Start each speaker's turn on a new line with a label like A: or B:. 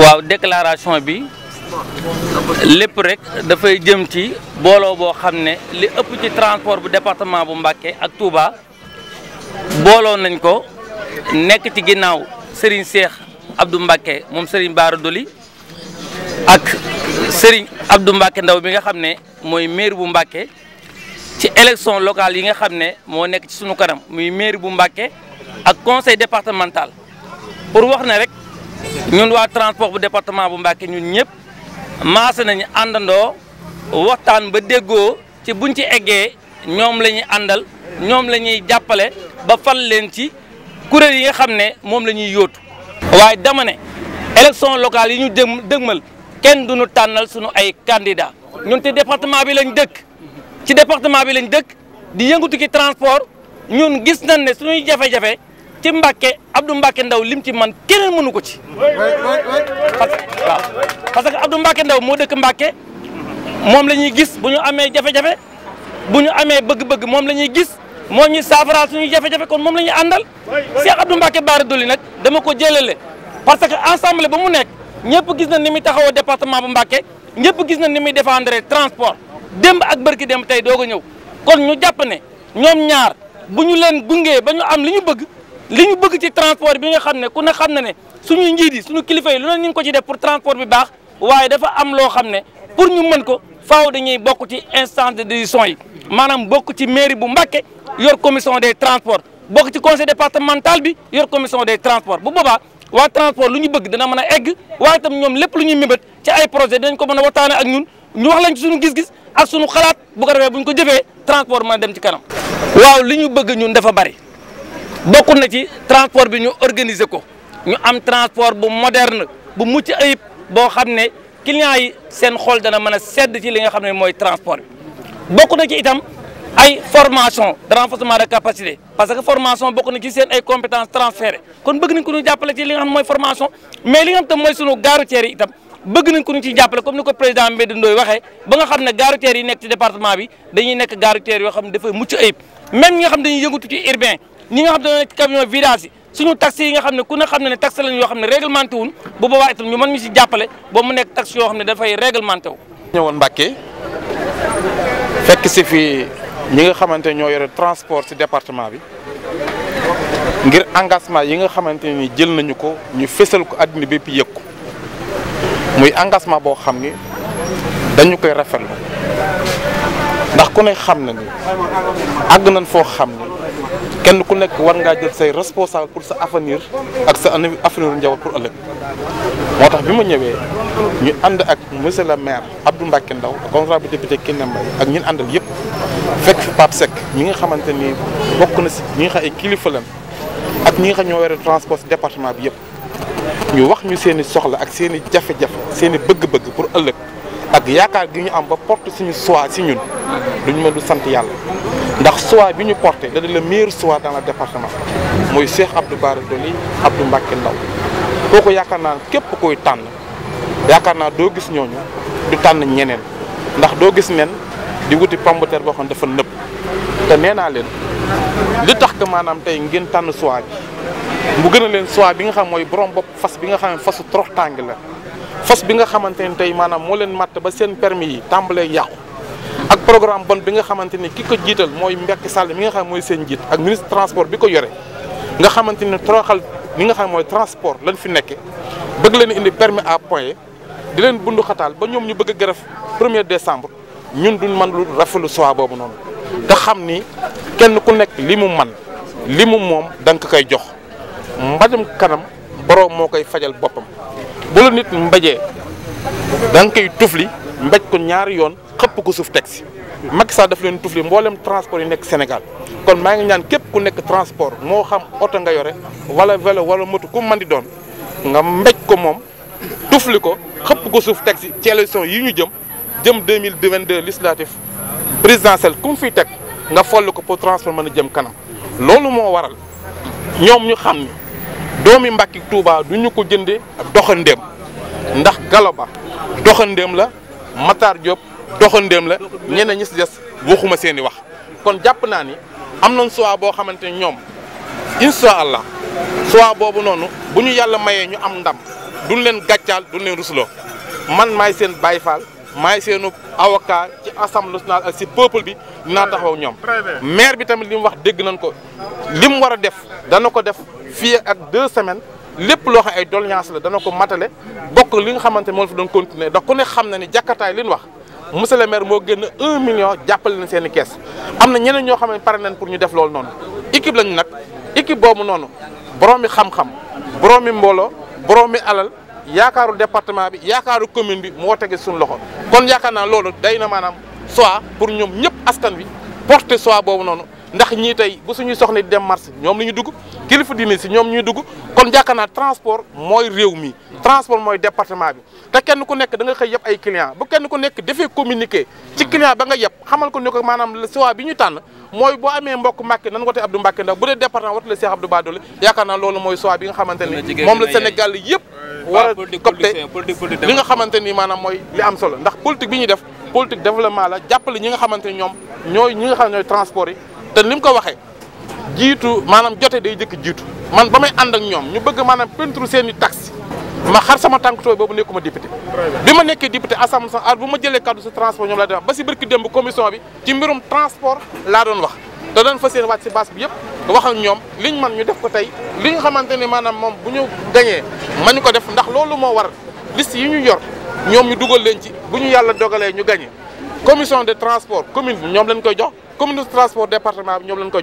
A: waaw déclaration bi lépp rek dafay jëm ci booloo boo xam ne li ëpp ci transport bu département bu Mbacké ak Touba booloo nañ ko nekk ci ginnaaw Serigne Cheikh Abdou Mbacké moom Serigne Bara Doli ak Serigne Abdou Mbacké Ndaw bi nga xam ne mooy maire bu Mbacké ci élection locale yi nga xam ne moo nekk ci sunu kanam muy maire bu Mbacké ak conseil départemental pour wax ne rek. ñun waa transport bu département bu Mbacké ñun ñëpp maase nañu àndandoo waxtaan ba déggoo ci buñ ci eggee ñoom la ñuy àndal ñoom la ñuy jàppale ba fal leen ci kuréel yi nga xam ne moom la ñuy yóotu waaye dama ne élection locale yi ñu dëm dëgmal kenn du duñu tànnal suñu ay candidat ñun te département bi lañ dëkk ci département bi lañ dëkk di yëngatu ci transport ñun gis nañ ne suñuy jafe-jafe ci Mbacke Abdou Mbacke Ndaw lim ci man keneen mënu ko ci. parce que waaw parce que Ndaw moo dëkk Mbacke moom la ñuy gis bu ñu amee jafe-jafe bu ñu amee bëgg-bëgg moom la ñuy gis moo ñuy saafaraal suñuy jafe-jafe kon moom la ñuy àndal. Cheikh Abdou Mbacke Bara Dolly nag dama ko jëlale parce que ensemble ba mu nekk ñëpp gis na ni muy taxawoo département bu Mbacke ñëpp gis na ni muy défendre transport démb ak bërki démb tey doog a ñëw kon ñu jàpp ne ñoom ñaar bu ñu leen gungee ba ñu am li ñu bëgg. li ñu bëgg ci transport bi nga xam ne ku ne xam na ne suñu njiit yi suñu kilifa yi lu ne ñu ngi ko ci de pour transport bi baax waaye dafa am loo xam ne pour ñu mën ko faaw dañuy bokk ci instance de décision yi maanaam bokk ci mairie bu Mbacké yor commission des transports bokk ci conseil départemental bi yor commission des transports bu boobaa waa transport lu ñu bëgg dana mën a egg waaye tam ñoom lépp lu ñuy mébét ci ay projet dinañ ko mën a waxtaane ak ñun ñu wax lañ ci suñu gis-gis ak suñu xalaat bu ko defee bu ñu ko jëfee transport mën a ci kanam waaw li ñu bëgg ñun dafa bari bokk na ci transport bi ñu organiser ko ñu am transport bu moderne bu mucc ayib boo xam ne clients yi seen xol dana mën a sedd ci li nga xam ne mooy transport bi bokk na ci itam ay formation de renforcement de capacité parce que formation bokk na ci seen ay compétences transférées kon bëgg nañ ko ñu jàppale ci li nga xam ne mooy formation mais li nga xam te mooy sunu gare routière yi itam bëgg nañ ko nu ci jàppale comme ni ko président Mbédé Ndoye waxee ba ne gare routière yi nekk yoo xam ne dafay mucc ayib même nga xam dañuy yëngatu ci urbain ni nga xam ne nekk camion virage yi suñu taxi yi nga xam ne ku ne xam ne ne taxi lañ yoo xam ne réglementé wuñ bu boobaa itam ñu mën ñu si jàppale ba mu nekk taxi yoo xam ne dafay réglementé wu.
B: ñëwoon Mbàkke fekk si fii ñi nga xamante ñoo yore transport si département bi ngir engagement yi nga xamante ni jël nañu ko ñu fésal ko àddina bépp yëg ko muy engagement boo xam ni dañu koy rafetlu ndax ku ne xam na ni àgg nañ foo xam ni kenn ku nekk war ngaa jël say responsable pour sa avenir ak sa avenir njaboot pour ëllëg moo tax bi ma ñëwee ñu ànd ak monsieur le maire Abdou Mbacké Ndaw honorable député Kiné Mbaye ak ñun àndal yëpp fekk fi ñi nga xamante ni bokk na si ñi ngi xam ay kilifa lañ ak ñi ngi xam ñoo yore transport si département bi yëpp ñu wax ñu seeni soxla ak seen i jafe-jafe seen bëgg-bëgg pour ëllëg ak yaakaar gi ñu am ba porte suñu choix si ñun duñ mën du sant yàlla ndax choix bi ñu porté dana le meilleur choix dans le département mooy Cheikh Abdou Bara Dolly Abdou Mbacké Ndao kooko yaakaar naa képp koy tànn yaakaar naa doo gis ñooñu du tànn ñeneen ndax doo gis nen di wuti pombeteer boo xam ne dafa nëb te nee naa leen li tax que maanaam tey ngeen tànn choix bi mu gën a leen choix bi nga xam mooy borom bopp fas bi nga xam ne fasu trop tàng la fas bi nga xamante ne tey maanaam moo leen matt ba seen permis yi tàmbalee yàqu ak programme bon bi nga xamante ni ki ko jiital mooy Macky Sall mi nga xam mooy seen jiit ak ministre transport bi ko yore nga xamante ni toroxal li nga xam mooy transport lañ fi nekke bëgg leen indi permis à point di leen bundu xataal ba ñoom ñu bëgg a grève premier décembre ñun du man lu rafetlu choix boobu noonu te xam ni kenn ku nekk li mu man li mu moom danga ko koy jox mbajum kanam boroom moo koy fajal boppam bu la nit mbajee da nga koy tufli mbaj ko ñaari yoon xëpp ko suuf teg si Macky Sall daf leen tufli mboolem transport yu nekk Sénégal kon maa ngi ñaan képp ku nekk transport moo xam oto nga yore wala velo wala moto ku man di doon nga mbéj ko moom tufli ko xëpp ko suuf teg si ci élection yi ñu jëm jëm mille 2022 législatif présidentielle ku mu fiy teg nga foll ko pour transport mën a jëm kanam loolu moo waral ñoom ñu xam ni doomi Mbàkke Touba du ñu ko jënde doxandéem ndax galo ba doxandéem la Matar Diop doxandéem la ñeneen ñi si des waxuma seen i wax kon jàpp naa ni am nañ choix boo xamante ni ñoom incha allah choix boobu noonu bu ñu yàlla mayee ñu am ndam du leen gàccaal duñ leen rusloo man maay seen Baay Faal maay seenu avocat ci assemblée nationale ak si peuple bi dinaa taxaw ñoom. maire bi tamit li mu wax dégg nañ ko li mu war a def dana ko def fii ak deux semaines. lépp loo xam ay doléance la dana ko matale bokk li nga xamante moo la fi doon continuer ndax ku ne xam na ni jàkkataay li wax monsieur le maire moo génn un million jàppale na seen i kees am na ñeneen ñoo xam ne pare nañ pour ñu def loolu noonu équipe lañu nag équipe boobu noonu boroomi xam-xam boroomi mbooloo boroomi alal yaakaaru departement bi yaakaaru commune bi moo tege suñu loxo kon yaakaar naa loolu day na maanaam soit pour ñoom ñëpp askan wi porter soit boobu noonu ndax ñii tey bu suñu soxna di dem marché ñoom lu ñu dugg kilifa diine si ñoom ñu dugg kon jàkkaar naa transport mooy réew mi transport mooy département bi te kenn ku nekk da nga xëy yëpp ay client bu kenn ku nekk defee communiqué ci client ba nga yëpp xamal ko ne tànn mooy boo amee mbokk Mbàkke nan wote Abdou Mbàkke ndax bu dee département wote la Cheikh Abdou Bara Dolly yaakaar moom la Sénégal yëpp war a li nga xamante ni maanaam mooy li am solo ndax politique bi ñuy def politique développement la jàppale ñi nga xamante ñoom ñooy ñi nga xam ne ñooy transport yi te li mu ko waxee jiitu maanaam jote day jëkk jiitu man ba may ànd ak ñoom ñu bëgg maanaam pentre seen i taxi ma xar sama tànkutoo boobu nekkuma député bi ma nekkee député assemblée sax ar bu ma jëlee kaddu si transport ñoom laa doon wax ba si bërki démb commission bi ci mbirum transport laa doon wax te doon fa seen si base bi yëpp wax ak ñoom liñ man ñu def ko tey li nga xamante ne maanaam moom bu ñu gañee ñu ko def ndax loolu moo war liste yi ñu yor ñoom ñu dugal leen ci bu ñu yàlla dogalee ñu gañee commission de transport commune bi ñoom lañ koy jox commune de transport département bi ñoom lañ koy jox